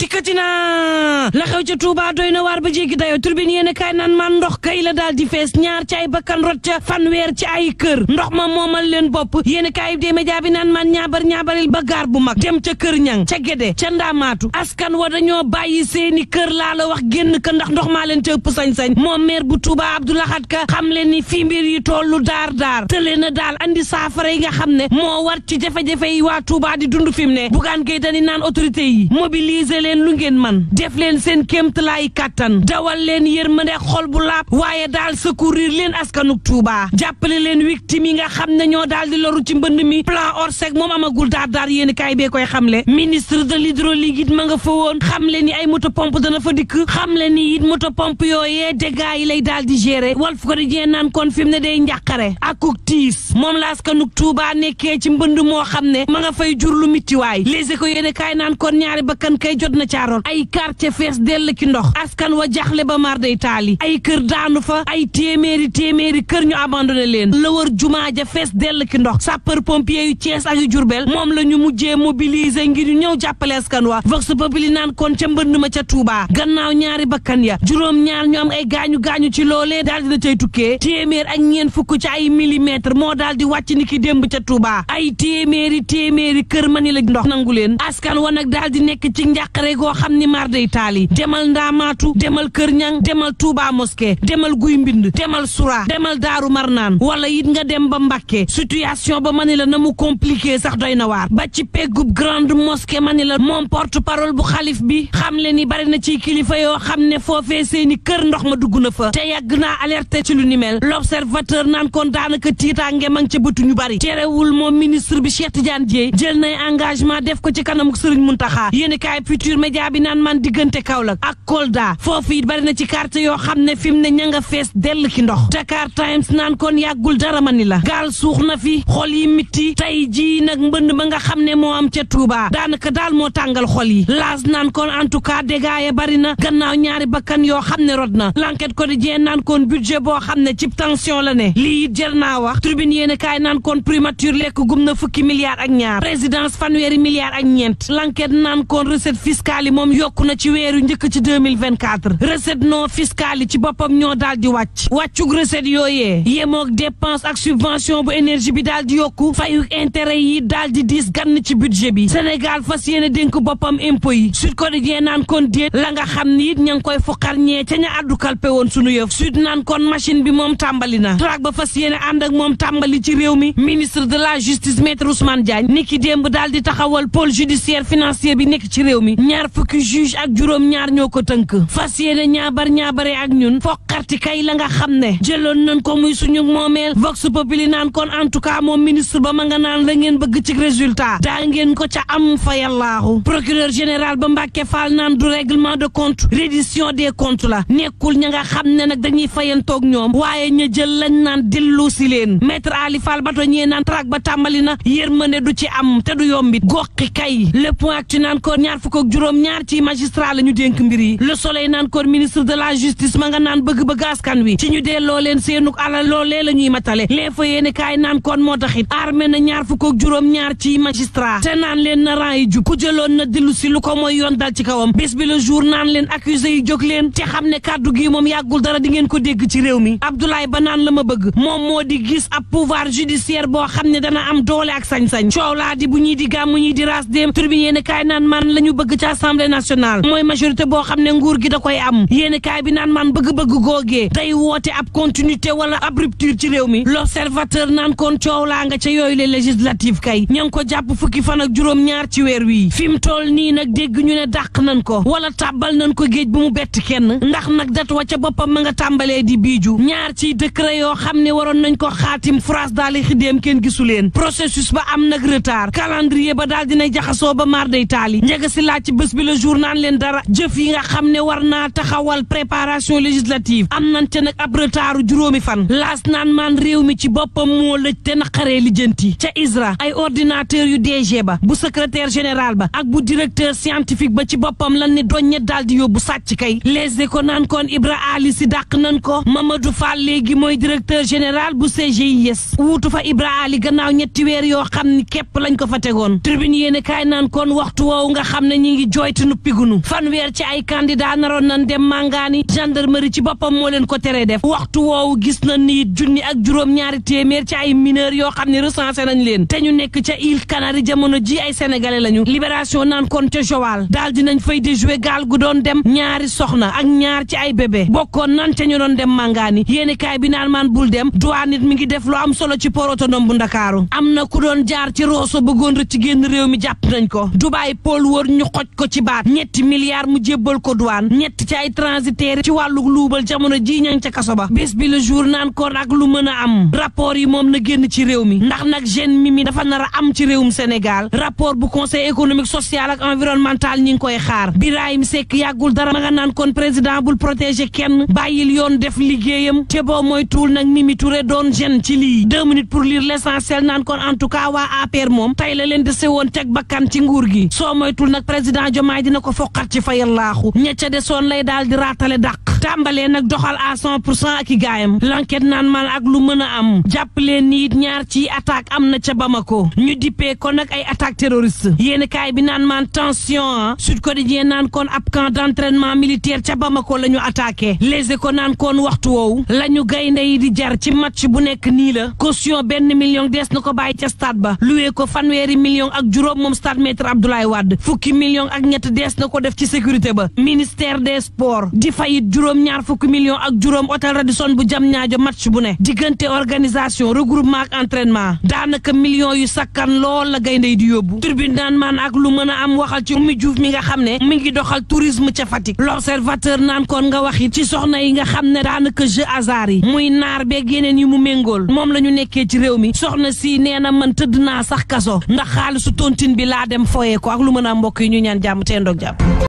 dikkati na la xew ca Touba doy na waar ba jéggi dayo turbine yéen kaay naan man ndox kay la daal di fees ñaar ci ay bakkan rot ca fanweer ci ay kër ndox ma moomal leen bopp yéen kaay de média bi naan man ñaabar ñaabaril ba gaar bu mag dem ca kër ñang ca Gédé ca Ndaamaatu askan wa ñoo bàyyi seeni kër laa la wax génn ka ndox maa leen ca ëpp sañ-sañ moom maire bu Touba Abdou Lahad Ka xam leen ni fii mbir yi tollu daar daar tële na daal indi saafara yi nga xam ne moo war ci jafe yi waa Touba di dund fi mu ne bugaan gay dani naan autorité yi leen lu ngeen man def leen seen kéemtalaay kàttan dawal leen yërmande xol bu laab waaye daal secourir leen askanuk Touba jàppale leen victime yi nga xam ne ñoo daal di loru ci mbënd mi plan Orsec moom amagul daar daar yéen kaay bee koy xamle ministre de l'hydraulique it ma nga fa woon xamle ni ay moto pomp dana fa xam le ni it moto pompe yooyee dégâts yi lay daal di gérer Walf Quotidien naan kon fi mu ne day njàqare akuk tiis moom la askanuk Touba nekkee ci mbënd moo xam ne ma nga fay jur lu mittiwaay Les Échos yéen na caaroon ay quartier fees dell ki ndox askan wa jaxle ba mar day taali ay kër daanu fa ay téeméeri téeméeri kër ñu abandonné leen la war jumaa ja fees dell ki ndox sapeur pompier yu Thiès ak Jurbel moom la ñu mujjee mobiliser ngi ñu ñëw jàppale askan wa vox populi naan kon ca mbënn ma ca Touba gannaaw ñaari bakkan ya juróom ñaar ñoom am ay gaañu gaañu ci loolee daal dina cay tukkee téeméer ak ñeen fukk ci ay millimètre moo daal di wàcc ni ki démb ca Touba ay téeméeri téeméeri kër mani la ndox nangu leen askan wa nag daal di nekk ci njàqare soirée goo xam ni mar day taali demal ndaamaatu demal kër ñang demal Touba mosquée demal guy mbind demal sura demal daaru marnaan wala it nga dem ba Mbàkke situation ba ma ni la na mu compliqué sax doy na waar ba ci peggub grande mosquée ma ni la moom porte parole bu xalif bi xam le ni bari na ci kilifa yoo xam ne foofee seeni kër ndox ma dugg na fa te yàgg naa alerte ci lu ni mel l'observateur naan kon daanaka tiitaange mang ca bëtu ñu bari wul moom ministre bi Cheikh Tidiane Dièye jël nay engagement def ko ci kanamu Serigne Mountakha média bi naan man diggante Kaolack ak Kolda foofu it bari na ci quartier yoo xam ne fi mu ne ña nga fees dell ki ndox Dakar Times naan kon yàggul dara ma ni la gaal suux na fi xol yi mitti tey jii nag mbënn ba nga xam ne moo am ca Touba daanaka daal moo tàngal xol yi laas naan kon en tout cas dégâts yi bari na gannaaw ñaari bakkan yoo xam ne rot na l'enquête quotidien naan kon budget boo xam ne ci tension la ne lii it jar naa wax tribune yéen kaay naan kon primature lekk gum na fukki milliards ak ñaar présidence fanweeri milliards ak ñeent l'enquête naan fiscale yi moom yokku na ci weeru njëkk ci 2024 recette non fiscale yi ci boppam ñoo daal di wàcc wàccug yooye yooyee yemoog dépense ak subvention bu énergie bi daal di yokku fayu intérêt yi daal di diis gann ci budget bi Sénégal fas yéene dénk boppam impôt yi Sud Quotidien naan kon déet la nga xam ni it ña ngi koy fuqar ñee ca ña àddu kalpe woon sunu yëf Sud naan kon machine bi moom tàmbali na traak ba fas yéene ànd ak moom tàmbali ci réew mi ministre de la justice maître Ousmane Diagne niki démb daal di taxawal pôle judiciaire financier bi nekk ci réew mi ñaar fukki juge ak juróom-ñaar ñoo ko tënk fas yéene ñaabar ñaabare ak ñun foqarti kay la nga xam ne jëloon nañ ko muy suñu moomeel vox populi naan kon en tout cas moom ministre ba ma nga naan la ngeen bëgg ci résultat daa ngeen ko ca am fa yàllaahu procureur général ba Mbàkke Fall naan du règlement de compte reddition des comptes la nekkul ña nga xam ne nag dañuy fayantoog ñoom waaye ña jël lañ naan dellu si leen maître Ali Fall bato ñee naan traak ba tàmbali na yërmande du ci am te du yombi ko juróom-ñaar ci magistrat la ñu dénk mbir yi le soleil naan kon ministre de la justice ma naan bëgg-bëgg askan wi ci ñu delloo leen seenuk alal loolee la ñuy matale les fa yéene kaay naan kon moo taxit armé na ñaar fukk ak juróom-ñaar ci magistrat te naan leen na rang yi jub ku jëloon na dillu si lu ko mooy yoon ci kawam bés le jour naan leen accusé ci sañ coow laa bu ñuy di gàmm ñuy di ras dem tur bi yéene naan man la bëgg ca assemblée nationale mooy majorité boo xam ne nguur gi da koy am yéen kaay bi naan maan bëgg-bëgg googee day woote ab continuité wala ab rupture ci réew mi l'observateur naan kon coow laa nga ca yooyu le législative kay ña ngi ko jàpp fukki fanak juróom ñaar ci weer wii fi mu toll nii nag dégg ñu ne dàq nañ ko wala tàbbal nañ ko géej bu mu bett kenn ndax nag dat wa ca boppam ma nga tàmbalee di biiju ñaar ci décret yoo xam ne waroon nañ ko xaatim France daal di xidéem kenn gisu leen am nag retard calendrier ba daal ba maar day taali njëga si laaj bés bi le jour naan leen dara jëf yi nga xam ne war naa taxawal préparation législative am nan ca nag ab retaaru juróomi fan laas naan maan réew mi ci boppam moo lëj te naqaree lijjanti ca ISRA ay ordinateur yu DG ba bu secretaire général ba ak bu directeur scientifique ba ci boppam lan ne doon daal di yóbbu sàcc kay les ko naan kon Ibra Ali si daq nañ ko Mamadou Fall léegi mooy directeur général bu CGIS wuutu fa Ibra Ali gannaaw ñetti weer yoo xam ni képp lañ ko fa jooytu nu pigunu fanweer ci ay candidat naroon nañ dem màngaani gendarmerie ci boppam moo leen ko teree def waxtu woowu gis nañ ni junni ak juróom-ñaari téeméer ci ay mineurs yoo xam ne recensé nañ leen te ñu nekk ca île Canaries jamono ji ay sénégalais lañu libération naan kon ca Joal daal dinañ fay déjoué gaal gu doon dem ñaari soxna ak ñaar ci ay bébé bokkoon nan ca ñu doon dem mangaani yéeni bi naan maan bul dem douane nit mi ngi def lu am solo ci port autonome bu am na ku doon jaar ci Rosso bëggoon rëcc génn réew mi jàpp nañ ko ko ci baat ñetti milliards mu jébbal ko douane ñett ci ay transitaire ci wàllu luubal jamono ji ñang ca kaso ba bés bi naan kon ak lu mën a am rapport yi moom na ci réew mi ndax nag gene mi mi dafa nar am ci réewum Sénégal rapport bu conseil économique social ak environnemental ñi ngi koy xaar Birahim Seck yàggul dara ma nga naan kon président bul protéger kenn bàyyil yoon def liggéeyam te boo mooy tuul nag mi Touré doon gene ci lii deux minutes pour lire l'essentiel naan kon en tout cas waa APR moom tey la leen desewoon teg ci nguur gi soo moytul nag président Diomaye dina ko foqat ci fayal laaxu ña ca desoon lay daal di raatale dàq tàmbalee nag doxal à cent pour cent ak i gaayam l'enquête naan man ak lu mën a am jàppaleen nii ñaar ci attaque am na ca Bamako ñu dippee kon nag ay attaque terroriste yéeni kaay bi naan maan tension ah. Sud Quotidien naan kon ab camp d'entraînement militaire ca Bamako la ñu attaqué Les ko naan kon waxtu woowu la ñu gaynde yi di jar ci match bu nekk nii la caution benn million dees na ko bàyyi ca stade ba luwee ko fanweeri million ak juróom moom stade maître Abdoulaye Wade ak ñett dees na ko def ci sécurité ba ministère de sports di fayit juróom ñaar fukki million ak juróom hôtel Radisson bu jam ñaajo match bu ne diggante organisation regroupement ak entraînement daanaka millions yu sakkan loola la gaynde di yóbbu tribune naan maan ak lu mën a am waxal ci Oumy Diouf mi nga xam ne mi ngi doxal tourisme ca Fatick l'observateur naan kon nga wax it ci soxna yi nga xam ne daanaka jeu hasard yi muy naar beeg yeneen yi mu méngool moom la ñu nekkee ci réew mi soxna si nee na man tëdd naa sax kaso ndax xaalisu tontine bi laa dem foyee ko lu mën a mbokk yi ñu ñaan jàmm te ndoog jàmm